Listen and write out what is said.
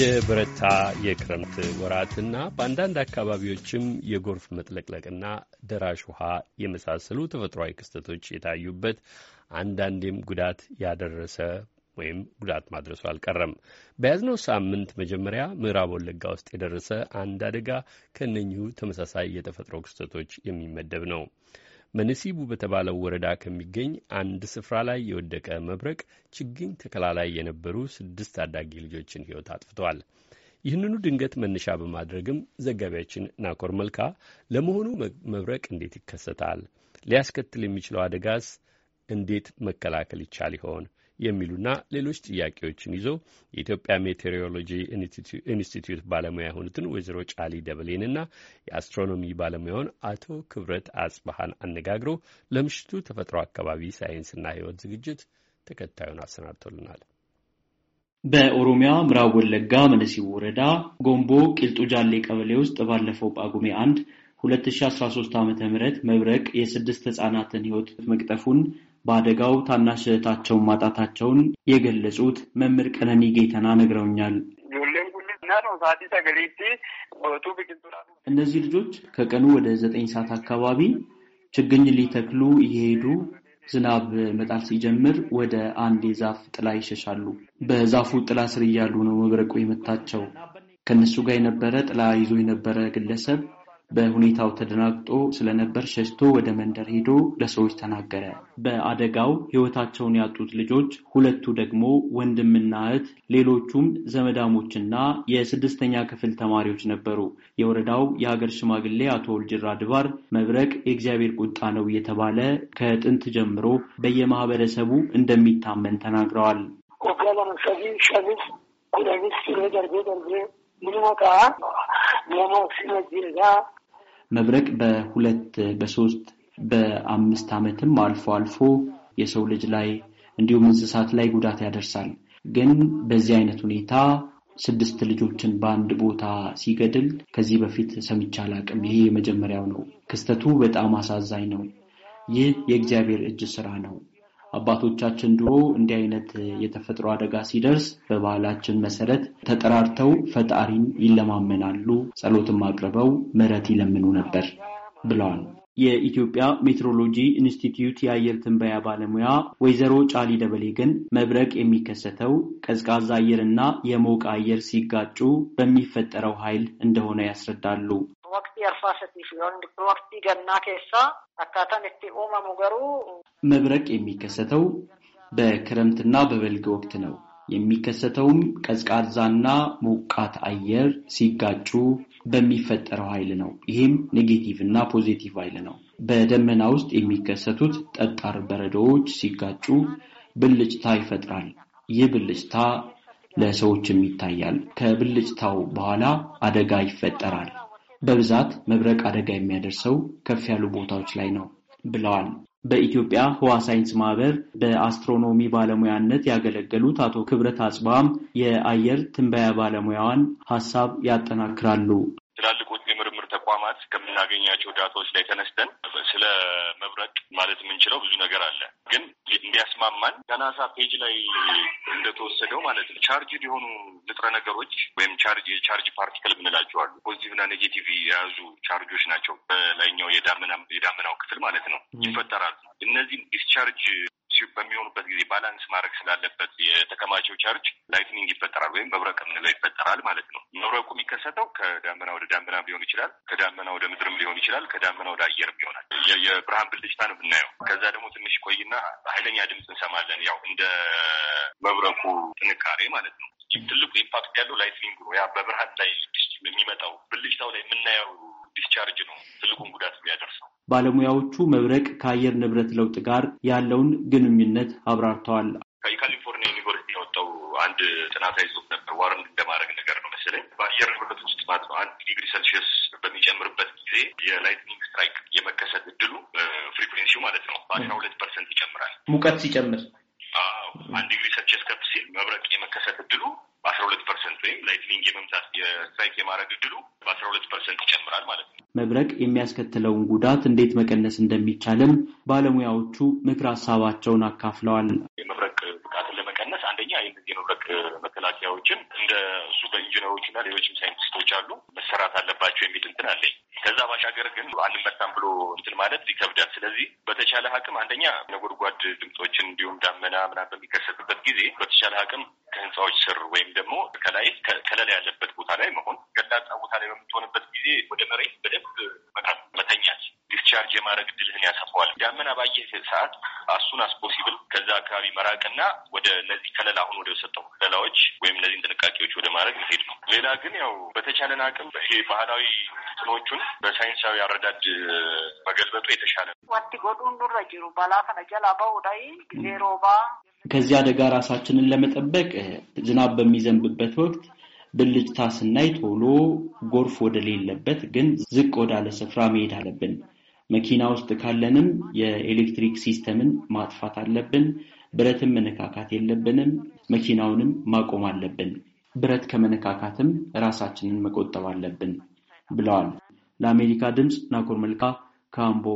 የበረታ የክረምት ወራትና በአንዳንድ አካባቢዎችም የጎርፍ መጥለቅለቅና ደራሽ ውሃ የመሳሰሉ ተፈጥሯዊ ክስተቶች የታዩበት አንዳንዴም ጉዳት ያደረሰ ወይም ጉዳት ማድረሱ አልቀረም። በያዝነው ሳምንት መጀመሪያ ምዕራብ ወለጋ ውስጥ የደረሰ አንድ አደጋ ከእነኚሁ ተመሳሳይ የተፈጥሮ ክስተቶች የሚመደብ ነው። መነሲቡ በተባለው ወረዳ ከሚገኝ አንድ ስፍራ ላይ የወደቀ መብረቅ ችግኝ ተከላ ላይ የነበሩ ስድስት ታዳጊ ልጆችን ሕይወት አጥፍተዋል። ይህንኑ ድንገት መነሻ በማድረግም ዘጋቢያችን ናኮር መልካ ለመሆኑ መብረቅ እንዴት ይከሰታል? ሊያስከትል የሚችለው አደጋስ እንዴት መከላከል ይቻል ይሆን? የሚሉና ሌሎች ጥያቄዎችን ይዞ የኢትዮጵያ ሜቴሮሎጂ ኢንስቲትዩት ባለሙያ የሆኑትን ወይዘሮ ጫሊ ደበሌንና የአስትሮኖሚ ባለሙያውን አቶ ክብረት አጽባሃን አነጋግሮ ለምሽቱ ተፈጥሮ አካባቢ ሳይንስና ሕይወት ዝግጅት ተከታዩን አሰናድቶልናል። በኦሮሚያ ምዕራብ ወለጋ መለሲ ወረዳ ጎንቦ ቂልጡ ጃሌ ቀበሌ ውስጥ ባለፈው ጳጉሜ አንድ 2013 ዓ ም መብረቅ የስድስት ህጻናትን ህይወት መቅጠፉን በአደጋው ታናሽ እህታቸውን ማጣታቸውን የገለጹት መምህር ቀነኒ ጌተና ነግረውኛል። እነዚህ ልጆች ከቀኑ ወደ ዘጠኝ ሰዓት አካባቢ ችግኝ ሊተክሉ እየሄዱ ዝናብ መጣል ሲጀምር ወደ አንድ የዛፍ ጥላ ይሸሻሉ። በዛፉ ጥላ ስር እያሉ ነው መብረቁ የመታቸው። ከእነሱ ጋር የነበረ ጥላ ይዞ የነበረ ግለሰብ በሁኔታው ተደናግጦ ስለነበር ሸሽቶ ወደ መንደር ሄዶ ለሰዎች ተናገረ። በአደጋው ሕይወታቸውን ያጡት ልጆች ሁለቱ ደግሞ ወንድምና እህት፣ ሌሎቹም ዘመዳሞችና የስድስተኛ ክፍል ተማሪዎች ነበሩ። የወረዳው የሀገር ሽማግሌ አቶ ወልጅራ ድባር መብረቅ የእግዚአብሔር ቁጣ ነው እየተባለ ከጥንት ጀምሮ በየማህበረሰቡ እንደሚታመን ተናግረዋል። መብረቅ በሁለት በሶስት በአምስት ዓመትም አልፎ አልፎ የሰው ልጅ ላይ እንዲሁም እንስሳት ላይ ጉዳት ያደርሳል። ግን በዚህ አይነት ሁኔታ ስድስት ልጆችን በአንድ ቦታ ሲገድል ከዚህ በፊት ሰምቼ አላቅም። ይሄ የመጀመሪያው ነው። ክስተቱ በጣም አሳዛኝ ነው። ይህ የእግዚአብሔር እጅ ስራ ነው። አባቶቻችን ድሮ እንዲህ አይነት የተፈጥሮ አደጋ ሲደርስ በባህላችን መሰረት ተጠራርተው ፈጣሪን ይለማመናሉ፣ ጸሎትም አቅርበው ምሕረት ይለምኑ ነበር ብለዋል። የኢትዮጵያ ሜትሮሎጂ ኢንስቲትዩት የአየር ትንበያ ባለሙያ ወይዘሮ ጫሊ ደበሌ ግን መብረቅ የሚከሰተው ቀዝቃዛ አየርና የሞቀ አየር ሲጋጩ በሚፈጠረው ኃይል እንደሆነ ያስረዳሉ። ወቅት ሲሆን ገና ከሳ መብረቅ የሚከሰተው በክረምትና በበልግ ወቅት ነው። የሚከሰተውም ቀዝቃዛና ሞቃት አየር ሲጋጩ በሚፈጠረው ኃይል ነው። ይህም ኔጌቲቭ እና ፖዚቲቭ ኃይል ነው። በደመና ውስጥ የሚከሰቱት ጠጣር በረዶዎች ሲጋጩ ብልጭታ ይፈጥራል። ይህ ብልጭታ ለሰዎችም ይታያል። ከብልጭታው በኋላ አደጋ ይፈጠራል። በብዛት መብረቅ አደጋ የሚያደርሰው ከፍ ያሉ ቦታዎች ላይ ነው ብለዋል። በኢትዮጵያ ህዋ ሳይንስ ማህበር በአስትሮኖሚ ባለሙያነት ያገለገሉት አቶ ክብረት አጽባም የአየር ትንበያ ባለሙያዋን ሀሳብ ያጠናክራሉ። ትላልቆቹ ተቋማት ከምናገኛቸው ዳታዎች ላይ ተነስተን ስለ መብረቅ ማለት የምንችለው ብዙ ነገር አለ። ግን እንዲያስማማን ከናሳ ፔጅ ላይ እንደተወሰደው ማለት ነው ቻርጅ የሆኑ ንጥረ ነገሮች ወይም ቻርጅ የቻርጅ ፓርቲክል የምንላቸው አሉ። ፖዚቲቭና ኔጌቲቭ የያዙ ቻርጆች ናቸው። በላይኛው የዳመናው ክፍል ማለት ነው ይፈጠራሉ። እነዚህም ዲስቻርጅ በሚሆኑበት ጊዜ ባላንስ ማድረግ ስላለበት የተከማቸው ቻርጅ ላይትኒንግ ይፈጠራል ወይም መብረቅ የምንለው ይፈጠራል ማለት ነው። መብረቁ የሚከሰተው ከዳመና ወደ ዳመና ሊሆን ይችላል። ከዳመና ወደ ምድርም ሊሆን ይችላል። ከዳመና ወደ አየርም ይሆናል። የብርሃን ብልጭታ ነው ብናየው። ከዛ ደግሞ ትንሽ ቆይና ኃይለኛ ድምፅ እንሰማለን። ያው እንደ መብረቁ ጥንካሬ ማለት ነው። ትልቁ ኢምፓክት ያለው ላይትኒንግ ነው። ያ በብርሃን ላይ የሚመጣው ብልጭታው ላይ የምናየው ዲስቻርጅ ነው ትልቁን ጉዳት የሚያደርሰው። ባለሙያዎቹ መብረቅ ከአየር ንብረት ለውጥ ጋር ያለውን ግንኙነት አብራርተዋል። ከካሊፎርኒያ ዩኒቨርሲቲ ያወጣው አንድ ጥናታዊ ጽሑፍ ነበር። ዋርን እንደማድረግ ነገር ነው መሰለኝ በአየር ንብረት ውስጥ ማለት ነው አንድ ዲግሪ ሴልሺየስ በሚጨምርበት ጊዜ የላይትኒንግ ስትራይክ የመከሰት እድሉ ፍሪኩዌንሲው ማለት ነው በአስራ ሁለት ፐርሰንት ይጨምራል ሙቀት ሲጨምር አንድ ዲግሪ የመምታት የስትራይክ የማድረግ እድሉ በአስራ ሁለት ፐርሰንት ይጨምራል ማለት ነው። መብረቅ የሚያስከትለውን ጉዳት እንዴት መቀነስ እንደሚቻልም ባለሙያዎቹ ምክር ሀሳባቸውን አካፍለዋል። ነገሮችን እንደ እሱ በኢንጂነሮች እና ሌሎችም ሳይንቲስቶች አሉ መሰራት አለባቸው የሚል እንትን አለኝ። ከዛ ባሻገር ግን አንመታም ብሎ እንትን ማለት ይከብዳል። ስለዚህ በተቻለ አቅም አንደኛ ነጎድጓድ ድምፆችን እንዲሁም ዳመና ምናምን በሚከሰትበት ጊዜ በተቻለ አቅም ከህንፃዎች ስር ወይም ደግሞ ከላይ ከለላ ያለበት ቦታ ላይ መሆን ገላጣ ቦታ ላይ በምትሆንበት ጊዜ ወደ መሬት በደንብ ዲስቻርጅ የማድረግ እድልህን ያሰፋዋል። ዳመና ባየህ ሰዓት አሱን አስፖሲብል ከዛ አካባቢ መራቅና ወደ እነዚህ ከለላ አሁን ወደ ሰጠው ከለላዎች ወይም እነዚህን ጥንቃቄዎች ወደ ማድረግ መሄድ ነው። ሌላ ግን ያው በተቻለን አቅም ይሄ ባህላዊ እንትኖቹን በሳይንሳዊ አረዳድ መገልበጡ የተሻለ ዋንቲ ጎዱን ኑረ ጅሩ ባላ ከነጀላ በውዳይ ጊዜ ሮባ ከዚህ አደጋ ራሳችንን ለመጠበቅ ዝናብ በሚዘንብበት ወቅት ብልጭታ ስናይ ቶሎ ጎርፍ ወደሌለበት ግን ዝቅ ወዳለ ስፍራ መሄድ አለብን። መኪና ውስጥ ካለንም የኤሌክትሪክ ሲስተምን ማጥፋት አለብን። ብረትን መነካካት የለብንም። መኪናውንም ማቆም አለብን። ብረት ከመነካካትም ራሳችንን መቆጠብ አለብን ብለዋል። ለአሜሪካ ድምፅ ናኮር መልካ ካምቦ